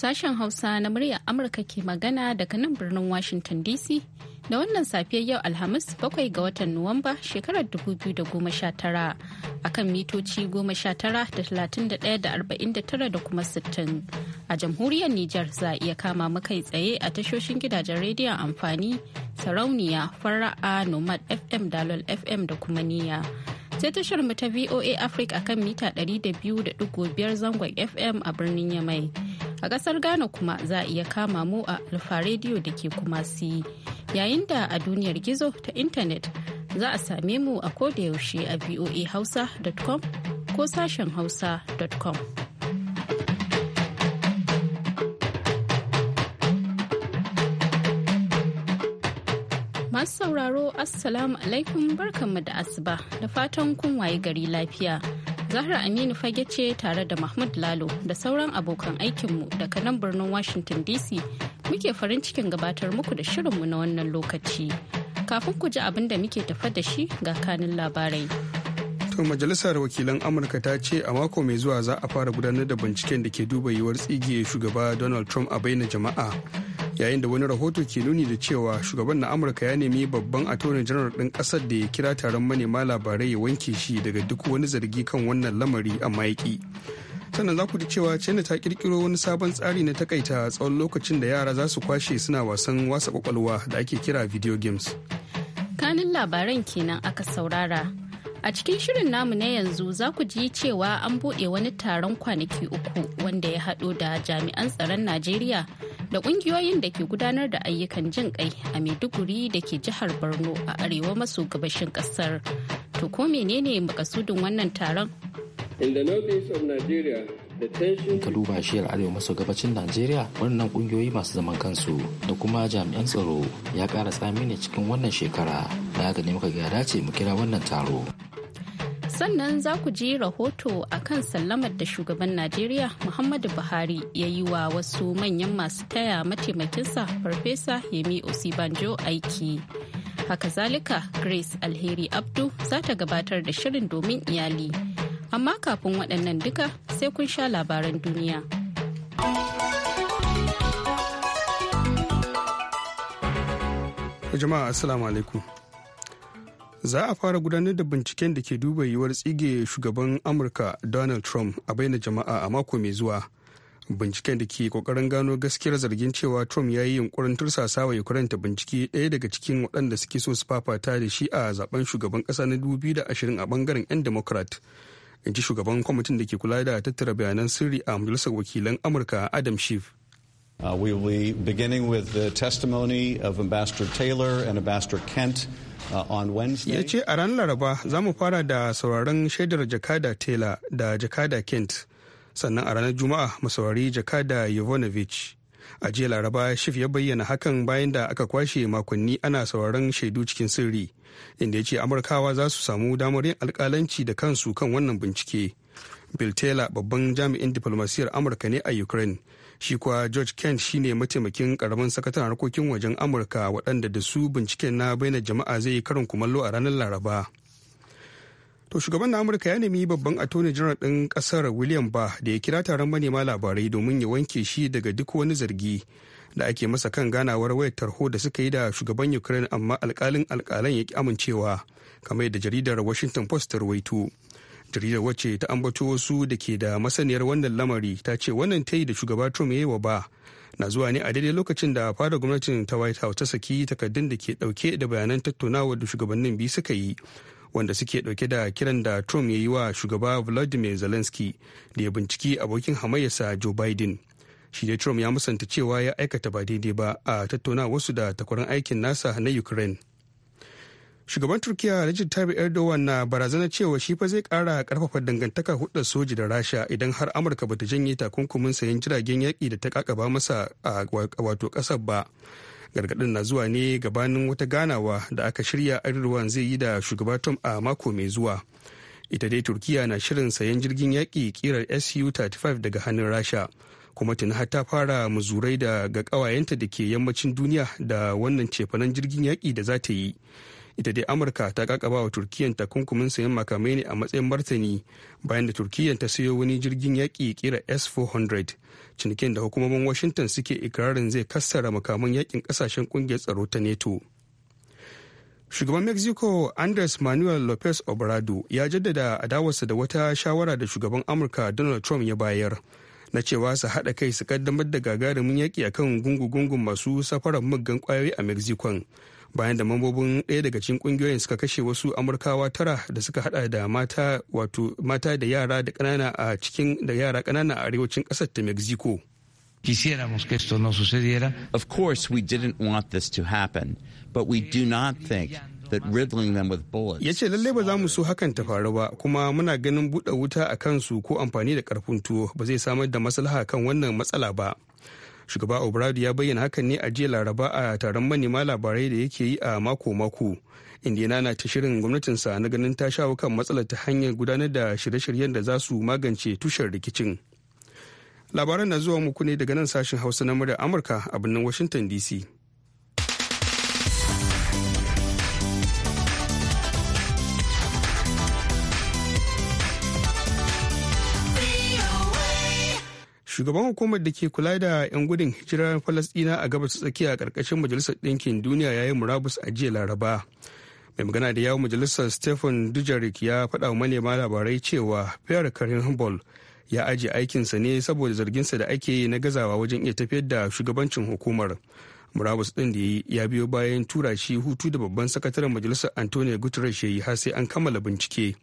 Sashen Hausa na muryar Amurka ke magana daga nan birnin Washington DC da wannan safiyar yau Alhamis bakwai ga watan Nuwamba shekarar 2019 akan mitoci 19 da da kuma 60. A jamhuriyar Nijar za a iya kama makai tsaye a tashoshin gidajen rediyon amfani sarauniya fara'a nomad FM dalol FM da kuma niya. sai tashar mu ta VOA Africa akan mita 200.5 zangon FM a birnin Yamai. A ƙasar Ghana kuma za a iya kama mu a Alfa Radio da ke kuma si yayin da a duniyar gizo ta intanet za a same mu a yaushe a voahausa.com ko sashen hausa.com. Masu sauraro Assalamu alaikum barkanmu da asuba da fatan kun waye gari lafiya. Zahra Aminu fage ce tare da Mahmud Lalo da sauran abokan aikinmu daga nan birnin Washington DC muke farin cikin gabatar muku da shirinmu na wannan lokaci. Kafin ku ji abin da muke tafa da shi ga kanin labarai. To Majalisar Wakilan Amurka ta ce a mako mai zuwa za a fara gudanar da binciken da ke duba yiwuwar tsige shugaba Donald Trump a baina jama'a. yayin da wani rahoto ke nuni da cewa shugaban na amurka ya nemi babban attorney janar ɗin ƙasar da ya kira taron manema labarai ya wanke shi daga duk wani zargi kan wannan lamari a mayaƙi sannan za ku ji cewa china ta kirkiro wani sabon tsari na takaita tsawon lokacin da yara za su kwashe suna wasan wasa kwakwalwa da ake kira video games kanin labaran kenan aka saurara A cikin shirin namu na yanzu za ku ji cewa an buɗe wani taron kwanaki uku wanda ya haɗo da jami'an tsaron Najeriya da ƙungiyoyin da ke gudanar da ayyukan jin kai a Maiduguri da ke jihar Borno a arewa maso gabashin ƙasar. To ko menene makasudin wannan taron? In the northeast of Nigeria, ka duba shiyar arewa maso gabacin najeriya wannan kungiyoyi masu zaman kansu da kuma jami'an tsaro ya kara tsami ne cikin wannan shekara da haka ne muka gada ce mu kira wannan taro sannan za ku ji rahoto a kan sallamar da shugaban najeriya muhammadu buhari ya yi wa wasu manyan masu taya mataimakinsa farfesa yemi osibanjo aiki haka zalika grace alheri abdu za ta gabatar da shirin domin iyali amma kafin waɗannan duka sai kun sha labaran duniya jama'a assalamu alaikum za a fara gudanar da binciken da ke duba yiwuwar tsige shugaban amurka donald trump a baina jama'a a mako mai zuwa binciken da ke kokarin gano gaskiyar zargin cewa trump ya yi yunkurin tursasa wa ukraine ta bincike ɗaya daga cikin waɗanda suke so su fafata da shi a zaben shugaban ƙasa na da ashirin a bangaren 'yan democrat in ji shugaban kwamitin da ke kula da tattara bayanan sirri a majalisar wakilan amurka adam schiff Uh, we will be beginning with the testimony of Ambassador Taylor and Ambassador Kent Uh, ya ce a ranar laraba za mu fara da sauraron shaidar jakada taylor da jakada kent sannan a ranar juma'a mu saurari jakada yovanovich a jiya laraba shif ya bayyana hakan bayan da aka kwashe makonni ana sauraron shaidu cikin sirri inda ya ce amurkawa za su samu damar yin alkalanci da kansu kan wannan bincike bill taylor babban jami'in diplomasiyyar amurka ne a ukraine shi kuwa george kent shine mataimakin karamin sakataren harkokin wajen amurka waɗanda da su binciken na baina jama'a zai yi karin kumallo a ranar laraba to shugaban na amurka ya nemi babban attorney general ɗin ƙasar william ba da ya kira taron manema labarai domin ya wanke shi daga duk wani zargi da ake masa kan ganawar wayar tarho da suka yi da shugaban ukraine amma alkalin alkalan ya ki amincewa kamar da jaridar washington post ta ruwaito jaridar wacce ta ambato wasu da ke da masaniyar wannan lamari ta ce wannan ta yi da shugaba trump ya yi wa ba na zuwa ne a daidai lokacin da fada gwamnatin ta white house ta saki takardun da ke dauke da bayanan tattaunawar da shugabannin biyu suka yi wanda suke dauke da kiran da trump ya yi wa shugaba vladimir zelensky da ya binciki abokin hamayyarsa joe biden shi dai trump ya musanta cewa ya aikata ba daidai ba a wasu da takwarar aikin nasa na ukraine shugaban turkiya Recep Tayyip Erdogan na barazana cewa shi fa zai kara karfafa dangantaka hudar soji da Rasha idan har Amurka bata janye takunkumin sayan jiragen yaƙi da ta kakaba masa a wato ƙasar ba. Gargaɗin na zuwa ne gabanin wata ganawa da aka shirya Erdogan zai yi da shugaba tom a mako mai zuwa. Ita dai Turkiya na shirin sayan jirgin yaƙi kirar Su-35 daga hannun Rasha. kuma tuni ta fara muzurai da ga ƙawayenta da ke yammacin duniya da wannan cefanen jirgin yaƙi da za ta yi. ita dai amurka ta kakaba wa turkiyan takunkumin sayan makamai ne a matsayin martani bayan da turkiyan ta sayo wani jirgin yaƙi kira s-400 cinikin da hukumomin washington suke ikirarin zai kassara makaman yaƙin ƙasashen ƙungiyar tsaro ta neto shugaban mexico andres manuel lopez obrado ya jaddada adawarsa da wata shawara da shugaban amurka donald trump ya bayar na cewa su haɗa kai su kaddamar da gagarumin yaƙi akan gungu-gungun masu safarar muggan kwayoyi a mexico bayan da mambobin ɗaya daga cikin kungiyoyin suka kashe wasu amurkawa tara da suka hada da mata wato mata da yara da ƙanana a cikin da yara ƙanana a arewacin ƙasar ta mexico Quisiéramos que esto Of course, we didn't want this to happen, but we do not think that riddling them with bullets. Ya ce lallai ba za mu so hakan ta faru ba, kuma muna ganin buɗe wuta a su ko amfani da karfin tuwo ba zai samar da maslaha kan wannan matsala ba. shugaba obradu ya bayyana hakan ne a jiya laraba a taron manema labarai da yake yi a mako-mako indiana na ta shirin gwamnatinsa na ganin ta shawo kan matsalar ta hanyar gudanar da shirye-shiryen da za su magance tushen rikicin labaran na zuwa muku ne daga nan sashen hausa na murya amurka a birnin washington dc shugaban hukumar da ke kula da 'yan gudun hijirar falasdina a gabas tsakiya a ƙarƙashin majalisar ɗinkin duniya ya yi murabus a jiya laraba mai magana da yawon majalisar stephen dujarik ya faɗa wa manema labarai cewa pierre karin humble ya ajiye aikinsa ne saboda zarginsa da ake yi na gazawa wajen iya tafiyar da shugabancin hukumar murabus ɗin da yi ya biyo bayan tura shi hutu da babban sakataren majalisar antonio guterres ya yi har sai an kammala bincike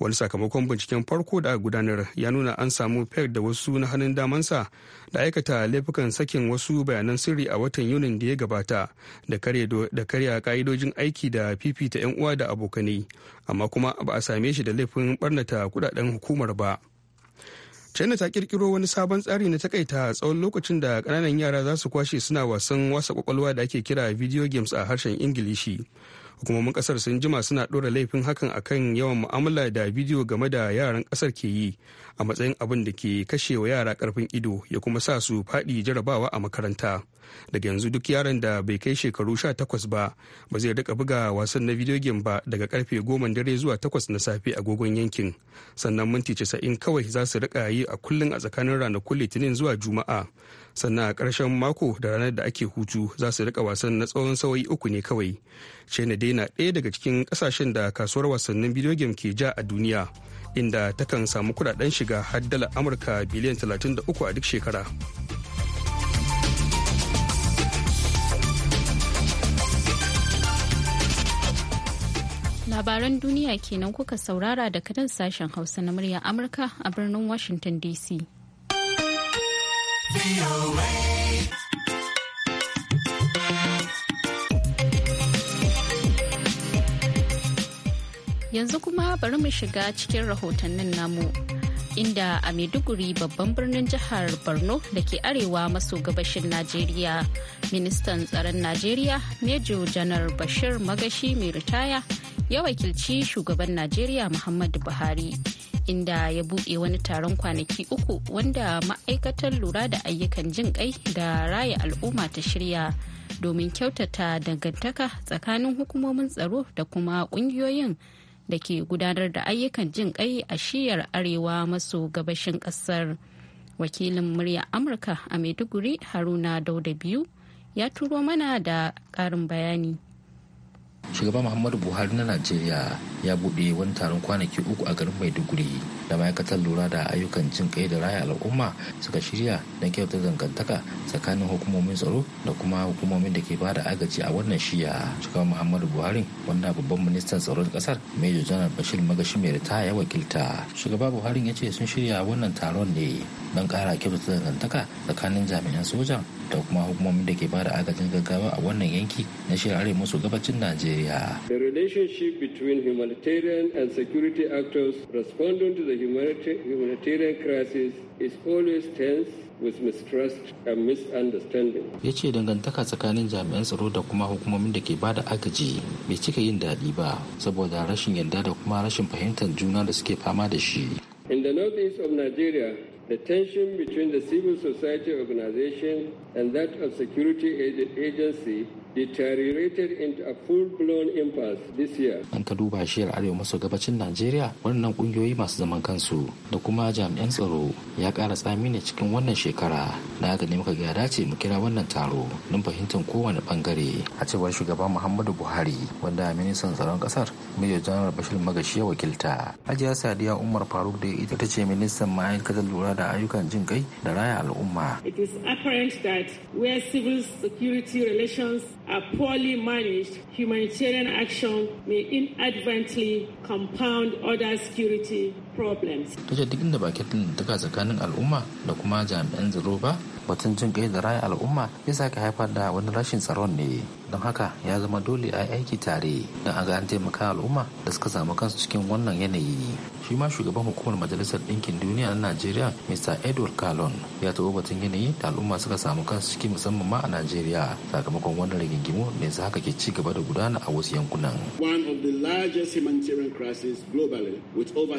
wani sakamakon binciken farko da aka gudanar ya nuna an samu peg da wasu na hannun damansa da aikata laifukan sakin wasu bayanan sirri a watan yunin da ya gabata da karya ka'idojin aiki da fifita 'yan uwa da abokanai amma kuma ba a same shi da laifin barnata kudaden hukumar ba china ta kirkiro wani sabon tsari na takaita tsawon lokacin da kananan yara za su kwashe suna wasan wasa kwakwalwa da ake kira video games a harshen ingilishi hukumomin kasar sun jima suna ɗora laifin hakan akan yawan mu'amala da bidiyo game da yaran kasar ke yi a matsayin abin da ke kashe wa yara karfin ido ya kuma sa su faɗi jarabawa a makaranta daga yanzu duk yaron da bai kai shekaru sha takwas ba ba zai rika buga wasan na video game ba daga karfe goma dare zuwa takwas na safe agogon yankin sannan minti casa'in kawai za su rika yi a kullum a tsakanin ranakun litinin zuwa juma'a sannan a ƙarshen mako da ranar da ake hutu za su rika wasan na tsawon sawayi uku ne kawai china dai na ɗaya daga cikin ƙasashen da kasuwar wasannin video game ke ja a duniya inda takan samu kudaden shiga har dala amurka biliyan 33 a duk shekara labaran duniya kenan kuka saurara da nan sashen hausa na murya amurka a birnin washington dc Yanzu kuma bari mu shiga cikin rahotannin namu. Inda a Maiduguri babban birnin jihar Borno da ke arewa maso gabashin Najeriya, ministan tsaron Najeriya Mejo Janar Bashir Magashi mai ritaya ya wakilci shugaban Najeriya Muhammadu Buhari. inda ya buɗe wani taron kwanaki uku wanda ma'aikatar lura da ayyukan jin kai da raya al'umma ta shirya domin kyautata dangantaka tsakanin hukumomin tsaro da kuma ƙungiyoyin da ke gudanar da ayyukan jin kai a shiyar arewa maso gabashin kasar wakilin murya amurka a maiduguri haruna dauda biyu ya turo mana da karin bayani shugaba muhammadu buhari na najeriya ya buɗe wani taron kwanaki uku a garin maiduguri da ma'aikatar lura da ayyukan jin kai da raya al'umma suka shirya na kyauta dangantaka tsakanin hukumomin tsaro da kuma hukumomin da ke ba da agaji a wannan shiya shugaba muhammadu buhari wanda babban ministan tsaron kasar major janar bashir magashi mai ritaya ya wakilta shugaba buhari ya ce sun shirya wannan taron ne don kara kyauta dangantaka tsakanin jami'an sojan da kuma hukumomin da ke ba da agajin gaggawa a wannan yanki na shirin musu gabacin najeriya The relationship between humanitarian and security actors responding to the humanitarian crisis is always tense with mistrust and misunderstanding. Ya ce dangantaka tsakanin jami'an tsaro da kuma hukumomin da ke ba da agaji bai cika yin daɗi ba saboda rashin yarda da kuma rashin fahimtar juna da suke fama da shi. In the northeast of Nigeria, the tension between the civil society organization and that of security agency deteriorated into a full-blown impasse this year. ka duba shiyar arewa maso gabacin Najeriya wannan kungiyoyi masu zaman kansu da kuma jami'an tsaro ya kara tsami ne cikin wannan shekara na haka ne muka gaya dace mu kira wannan taro don fahimtar kowane bangare a cewar shugaban Muhammadu Buhari wanda ministan tsaron ƙasar Major General Bashir Magashi ya wakilta. Hajiya Sadiya Umar Faruk da ita ta ce ministan ma'aikatar lura da ayyukan jin kai da raya al'umma. It is apparent that where civil security relations A poorly managed, humanitarian action may inadvertently compound other security problems. Ta ce duk inda bakin daga tsakanin al'umma da kuma jami'an tsaro ba batun jin kai da raya al'umma ya sake haifar da wani rashin tsaron ne don haka ya zama dole a yi aiki tare don a ga an taimaka al'umma da suka samu kansu cikin wannan yanayi shi ma shugaban hukumar majalisar ɗinkin duniya na najeriya mr edward kalon ya taɓa batun yanayi da al'umma suka samu kansu ciki musamman ma a najeriya sakamakon wani rigingimu ne su haka ke ci gaba da gudana a wasu yankunan one of the largest humanitarian crisis globally with over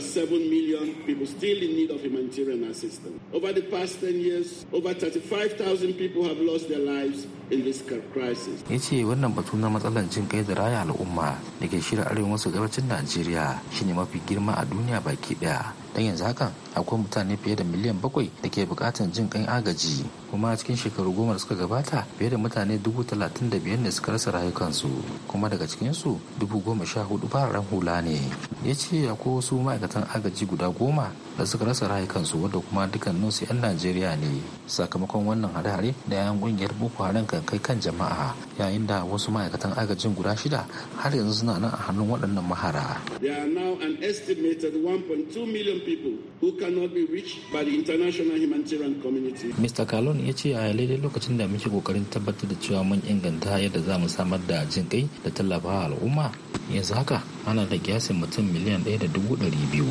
million people still in need of humanitarian assistance. Over the past 10 years, over 35,000 people have lost their lives ya ce wannan batu na matsalar jin kai da raya al'umma da ke shirin arewa maso gabacin najeriya shine mafi girma a duniya baki daya don yanzu hakan akwai mutane fiye da miliyan bakwai da ke bukatan jin kan agaji kuma a cikin shekaru goma da suka gabata fiye da mutane dubu talatin da biyar ne suka rasa rayukansu kuma daga cikinsu dubu goma sha hudu fararen hula ne ya ce akwai wasu ma'aikatan agaji guda goma da suka rasa rayukansu wadda kuma dukkaninsu 'yan najeriya ne sakamakon wannan hare-hare da 'yan kungiyar boko haram kan wajen kan jama'a yayin da wasu ma'aikatan agajin guda shida har yanzu suna nan a hannun waɗannan mahara. There are now an estimated 1.2 million people who cannot be reached by the international humanitarian community. Mr. Kalon ya ce a daidai lokacin da muke kokarin tabbatar da cewa mun inganta yadda za mu samar da jin kai da tallafawa al'umma yanzu haka ana da kiyasin mutum miliyan ɗaya da dubu ɗari biyu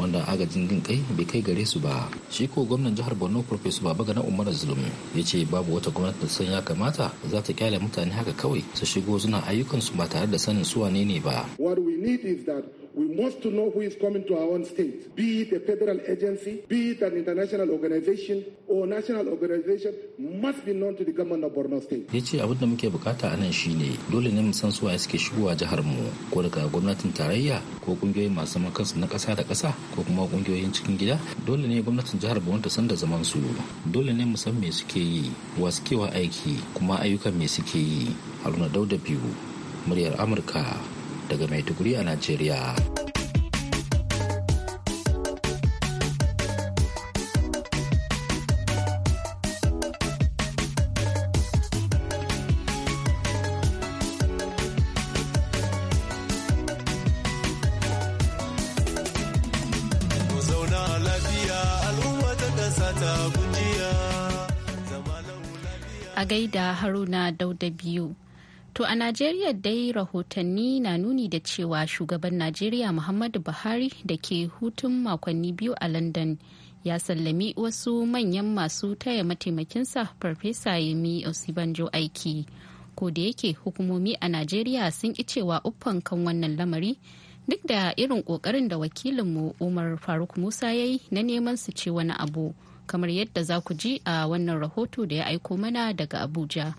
wanda agajin jin kai bai kai gare su ba. Shi ko gwamnan jihar Borno Professor Babagana Umar Zulum ya ce babu wata gwamnati da san ya mata za ta kyale mutane haka kawai su shigo suna ayyukansu ba tare da sanin su wane ne ba. What we need is that We must to know who is coming to our own state, be it a federal agency, be it an international organization or national organization must be known to the government of Borno state. Ya ce abin da muke bukata a nan ne dole ne mu san su waye suke shigowa jihar mu ko daga gwamnatin tarayya ko ƙungiyoyi masu zaman kansu na kasa da kasa ko kuma kungiyoyin cikin gida dole ne gwamnatin jihar Borno ta san da zaman su dole ne mu san me suke yi wa suke wa aiki kuma ayyukan me suke yi Haruna Dauda biyu muryar Amurka daga Maiduguri a Najeriya. A gaida Haruna Dauda biyu. To a Najeriya dai rahotanni na nuni da cewa shugaban Najeriya Muhammadu Buhari da ke hutun makonni biyu a London ya sallami wasu manyan masu taya mataimakinsa Farfesa Yemi Osibanjo aiki. Ko da yake hukumomi a Najeriya sun ki cewa uffan kan wannan lamari duk da irin kokarin da wakilinmu umar faruk musa ya yi na neman su ce wani abu kamar yadda za ku ji a wannan rahoto da ya aiko mana daga abuja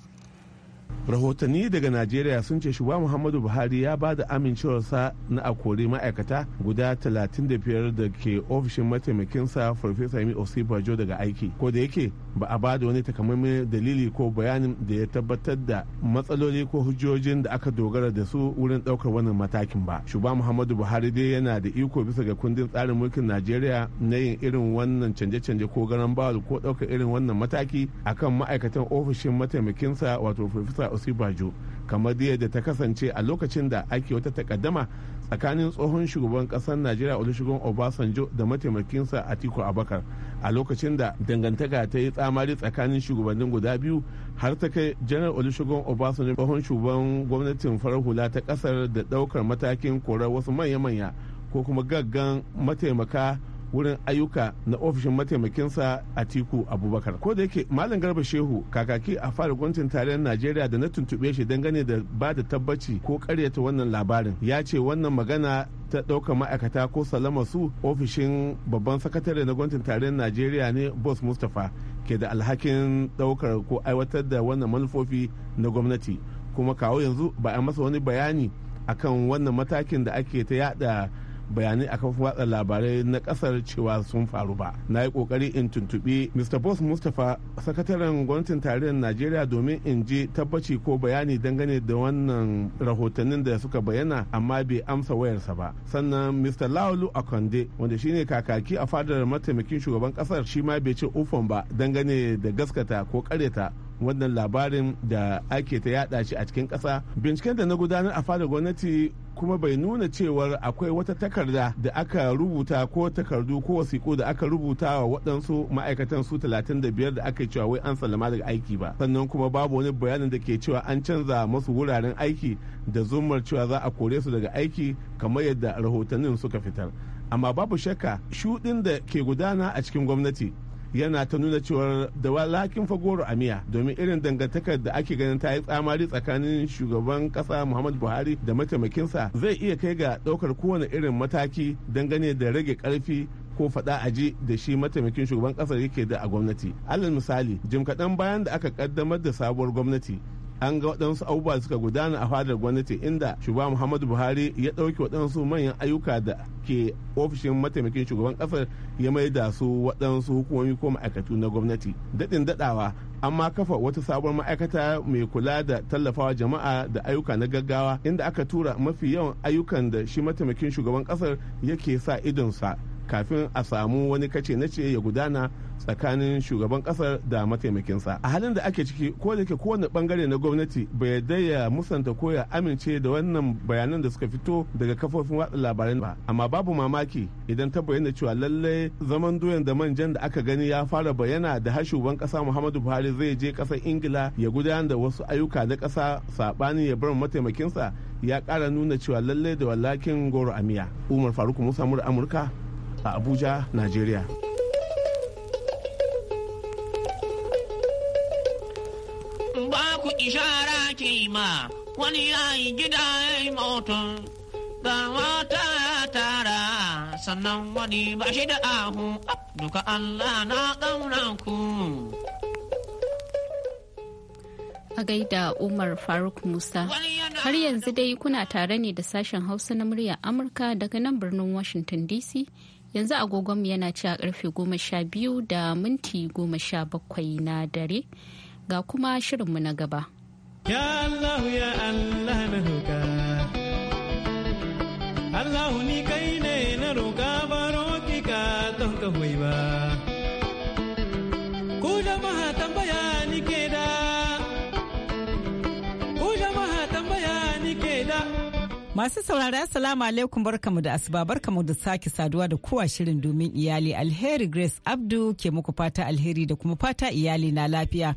rahotanni daga najeriya sun ce shugaba muhammadu buhari ya ba da amincewarsa na a kori ma'aikata guda 35 da ke ofishin mataimakinsa farfesa yami osibajo daga aiki ko da yake ba a ba da wani takamaiman dalili ko bayanin da ya tabbatar da matsaloli ko hujjojin da aka dogara da su wurin daukar wannan matakin ba shugaba muhammadu buhari dai yana da iko bisa ga kundin tsarin mulkin najeriya na yin irin wannan canje-canje ko garan bawul ko daukar irin wannan mataki akan ma'aikatan ofishin mataimakinsa wato farfesa Musa osibajo kamar da ta kasance a lokacin da ake wata takaddama tsakanin tsohon shugaban kasar najeriya olusegun obasanjo da mataimakinsa atiku abakar a lokacin da dangantaka ta yi tsamari tsakanin shugabannin guda biyu har ta kai janar olusegun obasanjo tsohon shugaban gwamnatin farar hula ta kasar da daukar matakin korar wasu manya-manya ko kuma gaggan mataimaka wurin ayyuka na ofishin mataimakinsa a tiku abubakar ko da yake malam garba shehu kakaki a fara gwamnatin tarayyar najeriya da na tuntuɓe shi dangane da ba da tabbaci ko karyata wannan labarin ya ce wannan magana ta ɗaukar ma'aikata ko salama su ofishin babban sakatare na gwamnatin tarayyar najeriya ne boss mustapha ke da alhakin ɗaukar ko aiwatar da wannan manufofi na gwamnati kuma kawo yanzu ba a masa wani bayani akan wannan matakin da ake ta yada bayanai a kafa watsa labarai na kasar cewa sun faru ba na yi kokari in tuntuɓi mr boss mustapha sakataren gwamnatin tarayyar najeriya domin in ji tabbaci ko bayani dangane da wannan rahotannin da suka bayyana amma bai amsa wayarsa ba sannan mr laulu akonde wanda shine kakaki a fadar mataimakin shugaban kasar shi ma bai ce ufon ba dangane da gaskata ko kareta wannan labarin da ake ta yada shi a cikin kasa binciken da na gudanar a fadar gwamnati kuma bai nuna cewar akwai wata takarda da aka rubuta ko takardu ko wasiƙo da aka rubuta wa waɗansu ma'aikatan su 35 da aka cewa wai an sallama daga aiki ba sannan kuma babu wani bayanin da ke cewa an canza masu wuraren aiki da zumar cewa za a kore su daga aiki kamar yadda rahotannin suka fitar amma babu shakka shuɗin da ke gudana a cikin gwamnati yana ta nuna cewa da walakin fagoro a miya domin irin dangantakar da ake ganin ta yi tsamari tsakanin shugaban kasa muhammad buhari da mataimakinsa zai iya kai ga ɗaukar kowane irin mataki dangane da rage karfi ko faɗa aji da shi mataimakin shugaban kasar yake da a gwamnati alal misali jim kaɗan bayan da aka ƙaddamar da sabuwar gwamnati an ga waɗansu abubuwa suka gudana a fadar gwamnati inda shugaba muhammadu buhari ya ɗauki waɗansu manyan ayyuka da ke ofishin mataimakin shugaban ƙasar ya mai da su waɗansu hukumomi ko ma'aikatu na gwamnati daɗin daɗawa an ma kafa wata sabuwar ma'aikata mai kula da tallafawa jama'a da ayyuka na gaggawa inda aka tura mafi yawan ayyukan da shi mataimakin shugaban ƙasar yake sa idonsa kafin a samu wani kace na ce ya gudana tsakanin shugaban kasar da mataimakinsa a halin da ake ciki ko da ke kowane bangare na gwamnati bai yarda ya musanta ko ya amince da wannan bayanan da suka fito daga kafofin watsa labarai ba amma babu mamaki idan ta bayyana cewa lallai zaman doyan da manjan da aka gani ya fara bayyana da har shugaban kasa muhammadu buhari zai je kasar ingila ya gudanar da wasu ayyuka na kasa saɓani ya bar mataimakinsa ya kara nuna cewa lallai da wallakin goro amiya umar faruk musa mura amurka a abuja nigeria ma wani yayi gida ya yi mutum ga mata ya tara sannan wani ba shi da ahu duka Allah na ƙauna ku. A gaida Umar Faruk Musa, har yanzu dai kuna tare ne da sashen Hausa na muryar Amurka daga nan birnin Washington DC. Yanzu agogonmu yana ci a karfe goma sha biyu da minti goma sha bakwai na dare ga kuma shirinmu na gaba. Ya Allah ya ni kai ne na Masu saurari salamu alaikum barkamu da asuba barkamu da sake saduwa da kowa shirin domin iyali alheri Grace Abdu ke muku fata alheri da kuma fata iyali na lafiya.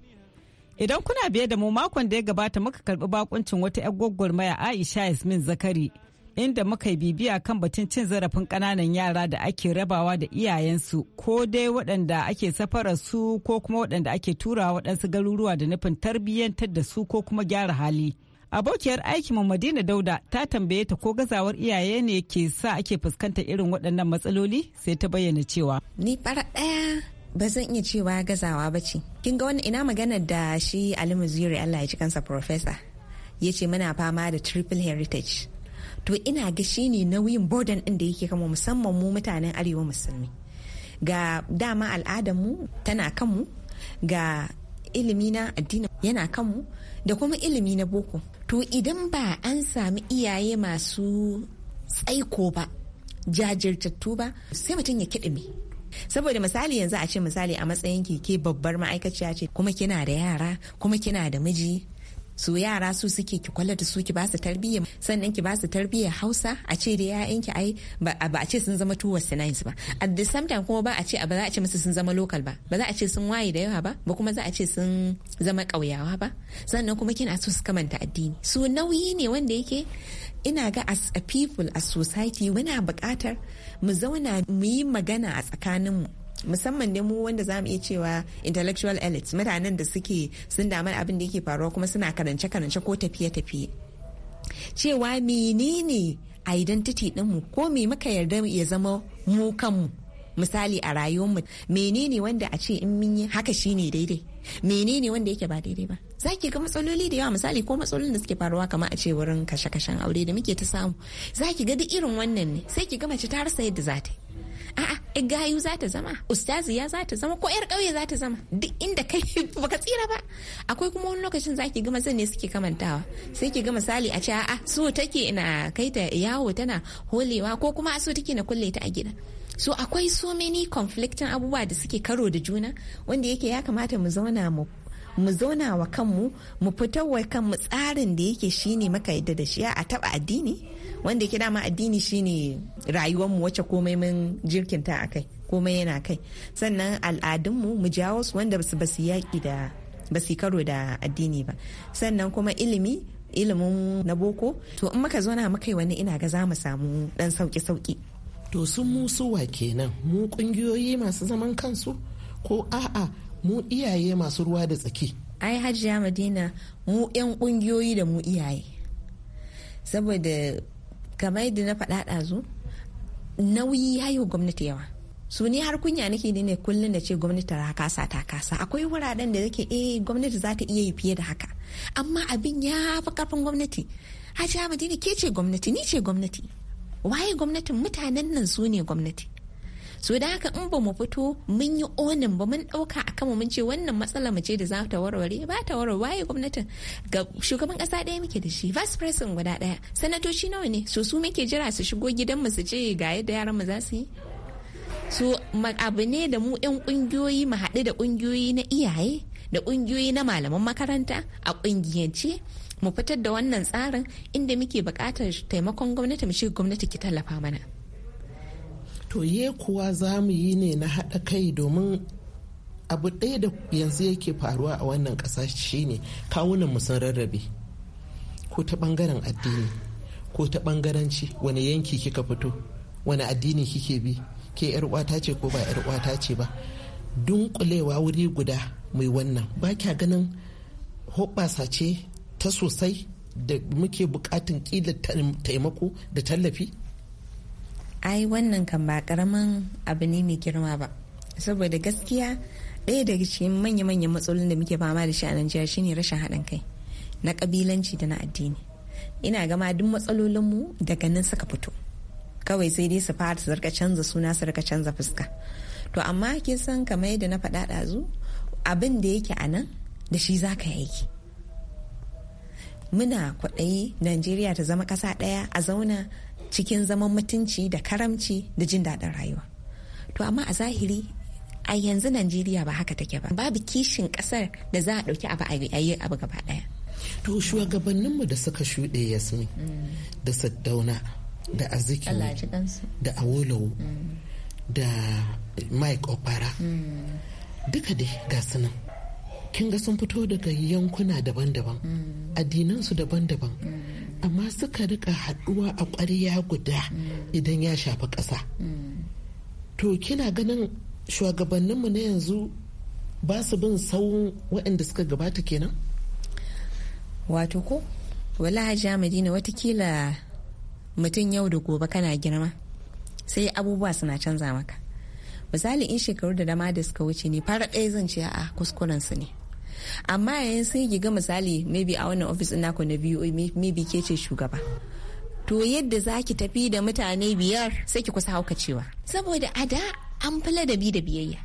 Idan kuna biye da mu makon da ya gabata muka karbi bakuncin wata 'yar gwagwarmaya Aisha Yasmin Zakari inda muka yi bibiya kan batun cin zarafin kananan yara da ake rabawa da iyayensu ko dai waɗanda ake safarar su ko kuma waɗanda ake turawa waɗansu garuruwa da nufin tarbiyyantar da su ko kuma gyara hali. Abokiyar aikin Madina Dauda ta tambaye ta ko gazawar iyaye ne ke sa ake fuskantar irin waɗannan matsaloli sai ta bayyana cewa. Ni fara ɗaya ba zan iya cewa gazawa ba ce kin ga wani ina magana da shi Ali Muziri Allah ya ji kansa professor ya ce muna fama da triple heritage to ina ga shi ne nauyin burden din da yake kama musamman mu mutanen arewa musulmi ga dama al'adarmu tana kanmu ga ilimi na addini yana kanmu da kuma ilimi na boko to idan ba an sami iyaye masu tsaiko ba jajirtattu ba sai mutum ya kiɗime saboda misali yanzu a ce misali a matsayin keke babbar ma'aikaciya ce kuma kina da yara kuma kina da miji su yara su suke ki kwallata da su ki basu tarbiyya sannan ki basu tarbiyya hausa a ce da ya'yan ki ai ba a ce sun zama tuwa sinais ba at the same time kuma ba a ce ba za a ce musu sun zama local ba ba za a ce sun waye da yawa ba ba kuma za a ce sun zama ƙauyawa ba sannan kuma kina so su kamanta addini su nauyi ne wanda yake ina ga as a people as society muna buƙatar mu zauna mu yi magana a tsakaninmu musamman ne mu wanda za mu iya cewa intellectual elites mutanen da suke sun damar abin da yake faruwa kuma suna karance-karance ko tafiye-tafiye cewa menene identity ɗinmu ko me muka yarda ya zama mu kanmu misali a rayuwarmu menene wanda a ce in mun yi haka shine daidai menene wanda yake ba daidai ba za ki ga matsaloli da yawa misali ko matsalolin da suke faruwa kamar a ce wurin kashe-kashen aure da muke ta samu za ki ga duk irin wannan ne sai ki ga mace ta rasa yadda za ta a'a yar gayu za ta zama ustaziya za ta zama ko yar kauye za ta zama duk inda kai baka tsira ba akwai kuma wani lokacin za ki ga mazan ne suke kamantawa sai ki ga misali a ce a'a so take na kai ta yawo tana holewa ko kuma so take na kulle ta a gida so akwai so many conflicting abubuwa da suke karo da juna wanda yake ya kamata mu zauna mu mu zauna wa kanmu mu fitar wa kanmu tsarin da yake shine maka yadda da shi a taba addini wanda yake dama addini shine rayuwarmu wacce komai mun jirkinta a kai komai yana kai sannan al'adunmu mu jawo su wanda basu basu yaƙi da basu karo da addini ba sannan kuma ilimi ilimin na boko to in muka zauna muka yi wani ina ga za mu samu dan sauki sauki to sun musuwa kenan mu kungiyoyi masu zaman kansu ko a'a mu iyaye masu ruwa da tsaki ai hajiya madina mu 'yan kungiyoyi da mu iyaye saboda kamar yadda na faɗa ɗazu nauyi ya yi gwamnati yawa su ni har kunya nake ne ne kullum da ce gwamnati ta kasa ta kasa akwai wuraren da yake eh gwamnati za ta iya yi fiye da haka amma abin ya fi karfin gwamnati hajiya madina ke ce gwamnati ni ce gwamnati waye gwamnatin mutanen nan su ne gwamnati so da haka in ba mu fito mun yi onin ba mun ɗauka a kama mun ce wannan matsala mu ce da za ta warware ba ta warware waye gwamnatin ga shugaban ƙasa ɗaya muke da shi vice president guda ɗaya sanatoci nawa ne so su muke jira su shigo gidan mu su ce ga yadda yaran mu za su yi so abu ne da mu 'yan ƙungiyoyi mu haɗu da kungiyoyi na iyaye da ƙungiyoyi na malaman makaranta a ƙungiyance mu fitar da wannan tsarin inda muke buƙatar taimakon gwamnati mu shiga gwamnati ki tallafa mana to ye kuwa za mu yi ne na haɗa kai domin abu ɗaya da yanzu yake faruwa a wannan ƙasa shine kawunan mu sun rarrabe ko ta ɓangaren addini ko ta ɓangaranci wani yanki kika fito wani addini kike bi ke yar uwata ce ko ba yar uwata ce ba dunkulewa wuri guda mai wannan ba kya ganin hoɓɓasa ce ta sosai da muke bukatun kila taimako da tallafi? ai wannan kan ba karamin abu ne mai girma ba saboda gaskiya ɗaya daga cikin manya-manyan matsalolin da muke fama da shi a najeriya shine rashin haɗin kai na kabilanci da na addini ina gama duk matsalolinmu daga nan suka fito kawai sai dai su fara su canza suna su rika canza fuska to amma kin san kamar yadda na faɗa ɗazu abin da yake a nan da shi za ka yi muna kwaɗayi najeriya ta zama ƙasa ɗaya a zauna cikin zaman mutunci da karamci da jin daɗin rayuwa to amma a zahiri a yanzu najeriya ba haka take ba babu kishin ƙasar da za a ɗauki abu a yi abu gaba ɗaya to shugabanninmu da suka shuɗe yasmin mm. da saddauna da Aziki da awolowo mm. da mike opara mm. duka dai ga kin ga sun fito daga yankuna daban-daban mm. addinansu daban-daban mm. amma suka rika haɗuwa a ƙwarya guda mm. idan ya shafi ƙasa to kina ganin shugabanninmu na yanzu ba su bin sauran waɗanda suka gabata kenan wato ko wala madina watakila mutum yau da gobe kana girma sai abubuwa suna canza maka misali in shekaru da dama da suka wuce ne fara ɗaya zan ce a kuskuren su ne amma yayin sai ki ga misali maybe a wannan ofis na na biyu maybe ke ce shugaba to yadda za ki tafi da mutane biyar sai ki kusa hauka cewa saboda a da an da bi da biyayya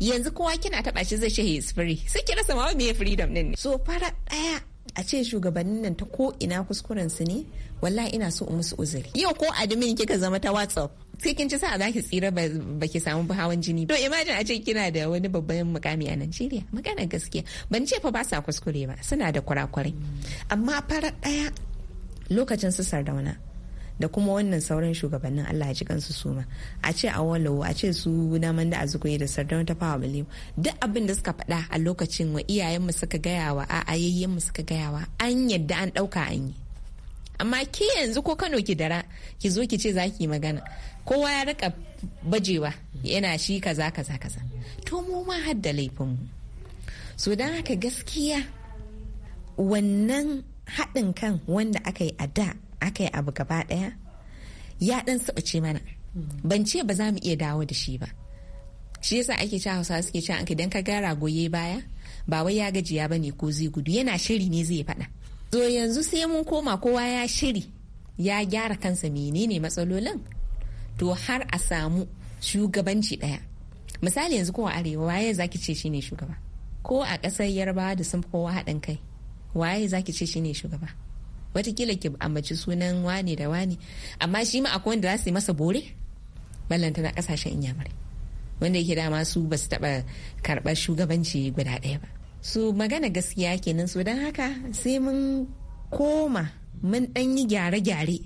yanzu kowa kina taba shi zai shehe sai ki rasa ma me freedom din ne so fara daya a ce shugabannin nan ta ko ina kuskuren su ne wallahi ina so in musu uzuri yau ko admin kika zama ta whatsapp sai kin ci sa'a zaki tsira ba ki samu hawan jini to imagine a ce kina da wani babban mukami a Najeriya magana gaskiya ban ce fa ba sa kuskure ba suna da kurakurai amma fara daya lokacin su sardauna da kuma wannan sauran shugabannin Allah ya ji kansu suma a ce a walawo a ce su na manda a da sardar ta fawa balewa duk abin da suka faɗa a lokacin wa iyayenmu suka gayawa a ayayyenmu suka gayawa an yadda an ɗauka an yi amma ke yanzu ko kano ki dara ki zo ki ce za ki magana kowa ya rika bajewa yana shi kaza kaza kaza to mu ma har da laifinmu so dan haka gaskiya wannan haɗin kan wanda aka yi a da aka yi abu gaba ɗaya ya ɗan ce mana ban ce ba za mu iya dawo da shi ba shi yasa ake cewa hausa suke cewa an idan ka gara ragoye baya ba wai ya gajiya ba ne ko zai gudu yana shiri ne zai faɗa to yanzu sai mun koma kowa ya shiri ya gyara kansa menene matsalolin to har a samu shugabanci ɗaya misali yanzu kowa arewa waye zaki ce shine shugaba ko a ƙasar yarbawa da sun kowa haɗin kai waye zaki ce shine shugaba watakila ki ambaci sunan wane da wane amma shi ma akwai wanda za su yi masa bore ballanta na kasashen inyamurai wanda yake dama su ba su taɓa karɓar shugabanci guda ɗaya ba su magana gaskiya kenan su don haka sai mun koma mun ɗan yi gyare-gyare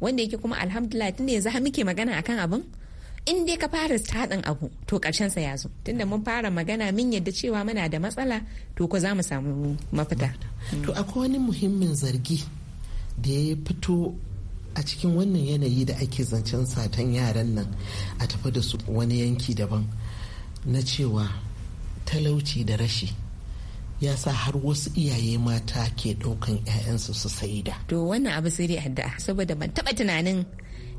wanda yake kuma alhamdulillah tunda yanzu har muke magana akan abin in dai ka fara haɗin abu to ƙarshen sa ya zo tunda mun fara magana mun yadda cewa muna da matsala to ko za mu samu mafita to akwai wani muhimmin zargi da ya fito a cikin wannan yanayi da ake zancen satan yaran nan a tafi da su wani yanki daban na cewa talauci da rashi ya sa har wasu iyaye mata ke ɗaukan 'ya'yansu su saida. To wannan abu sai dai addu'a saboda ban taɓa tunanin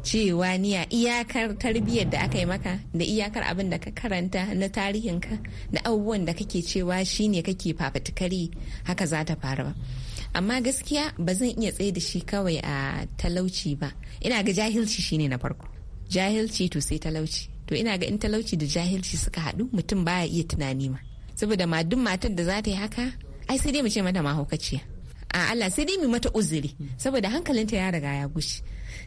cewa niya iyakar tarbiyyar da aka yi maka da iyakar abin da ka karanta na tarihinka da abubuwan da kake cewa shine kake fafatikari haka za ta faru ba. amma gaskiya ba zan iya tsaye da shi kawai a talauci ba ina ga jahilci shine na farko jahilci to sai talauci to ina ga in talauci da jahilci suka haɗu mutum baya iya tunani ma saboda ma duk matar da za ta yi haka ai sai dai mu ce mata mahaukaciya a Allah sai dai mu mata uzuri saboda hankalinta ya riga ya gushi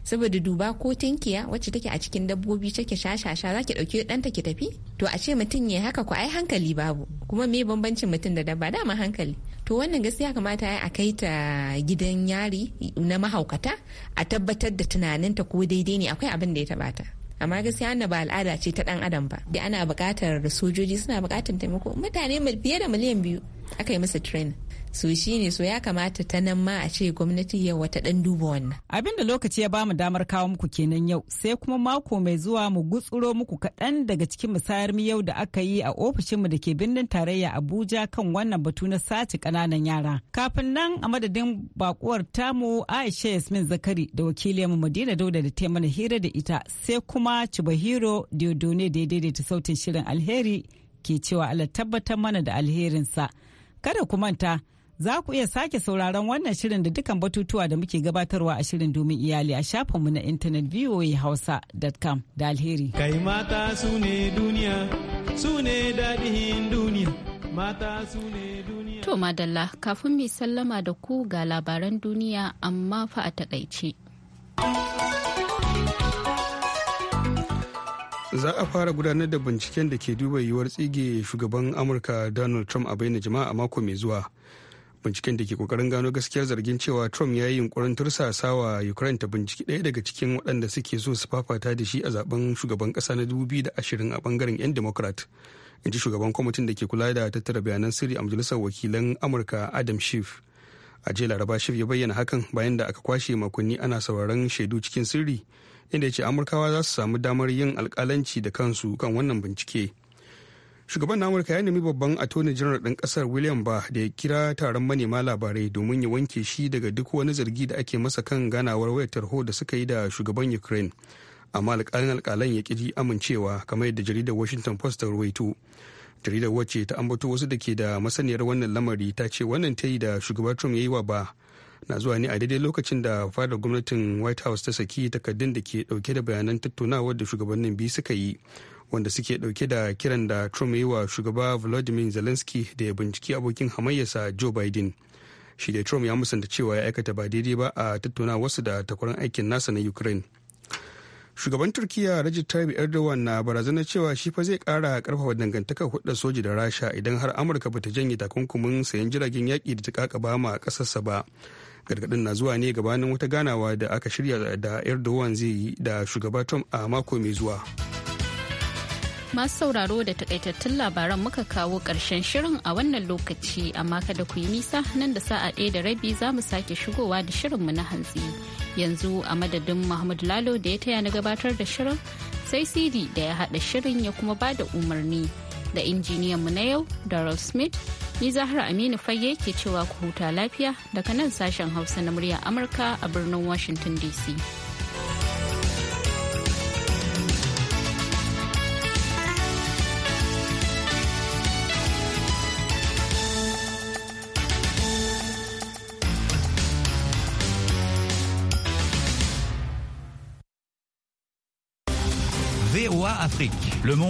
saboda duba ko tinkiya wacce take a cikin dabbobi take shashasha za ki ɗauki ɗanta ki tafi to a ce mutum ya haka ku ai hankali babu kuma me bambancin mutum da dabba dama hankali to wannan gaskiya kamata ya a kai ta gidan yari na mahaukata a tabbatar da tunaninta ko daidai ne akwai abin da ya tabata ta amma gaskiya wannan ba al'ada ce ta dan adam ba da ana bukatar sojoji suna bukatar taimako mutane fiye da miliyan biyu aka yi masa training so shi ne so ya kamata ta nan ma a ce gwamnati yau wata dan duba wannan abin da lokaci ya bamu damar kawo muku kenan yau sai kuma mako mai zuwa mu gutsuro muku kaɗan daga cikin misayar mu yau da aka yi a ofishinmu da ke birnin tarayya abuja kan wannan batu na sace kananan yara kafin nan a madadin bakuwar tamu aisha yasmin zakari da mu madina dauda da taimana hira da ita sai kuma cibahiro diodone da ya daidaita sautin shirin alheri ke cewa ala tabbatar mana da alherinsa kada ku manta Za ku iya sake sauraron wannan shirin da dukkan batutuwa da muke gabatarwa a shirin domin iyali a shafinmu na intanet voahausa.com da alheri. Kai mata su ne duniya, su ne daɗin duniya, mata su ne duniya. To madalla kafin mai sallama da ku ga labaran duniya amma fa a takaice. za a fara gudanar da binciken da ke duba yiwuwar tsige shugaban amurka donald trump a bayyana jama'a mako mai zuwa binciken da ke kokarin gano gaskiyar zargin cewa trump ya yi yunkurin tursasa wa ukraine ta binciki ɗaya daga cikin waɗanda suke so su fafata da shi a zaben shugaban ƙasa na da ashirin a bangaren 'yan democrat in ji shugaban kwamitin da ke kula da tattara bayanan sirri a majalisar wakilan amurka adam schiff a jiya laraba schiff ya bayyana hakan bayan da aka kwashe makonni ana sauraron shaidu cikin sirri inda ya ce amurkawa za su samu damar yin alkalanci da kansu kan wannan bincike shugaban na amurka ya nemi babban attorney general ɗin ƙasar william ba da ya kira taron manema labarai domin ya wanke shi daga duk wani zargi da ake masa kan ganawar wayar tarho da suka yi da shugaban ukraine amma alƙalin alƙalan ya ƙi amincewa kamar yadda jaridar washington post ta ruwaito jaridar wacce ta ambato wasu da ke da masaniyar wannan lamari ta ce wannan ta yi da shugaban trump ya yi wa ba na zuwa ne a daidai lokacin da fadar gwamnatin white house ta saki takaddun da ke dauke da bayanan tattaunawar da shugabannin biyu suka yi wanda suke dauke da kiran da trump yi wa shugaba volodymyr zelensky da ya binciki abokin hamayyarsa joe biden shi da trump ya musanta cewa ya aikata ba daidai ba a tattauna wasu da takwaran aikin nasa na ukraine shugaban turkiya rajin tayyip erdogan na barazanar cewa shi fa zai kara karfafa dangantakar hudar soji da rasha idan har amurka ba ta janye takunkumin sayan jiragen yaki da ta kakaba ma kasarsa ba gargadin na zuwa ne gabanin wata ganawa da aka shirya da erdogan zai yi da shugaba trump a mako mai zuwa. Masu sauraro da takaitattun labaran muka kawo ƙarshen shirin a wannan lokaci amma kada ku yi nisa nan da sa'a ɗaya da rabi za mu sake shigowa da shirinmu na hantsi. Yanzu a madadin Muhammadu Lalo da ya taya na gabatar da shirin sai CD da ya haɗa shirin ya kuma ba da umarni da injiniyanmu na yau Daryl Smith. Ni Zahra Aminu fage ke cewa ku huta lafiya daga nan sashen Hausa na murya Amurka a birnin Washington DC. Afrique. Le monde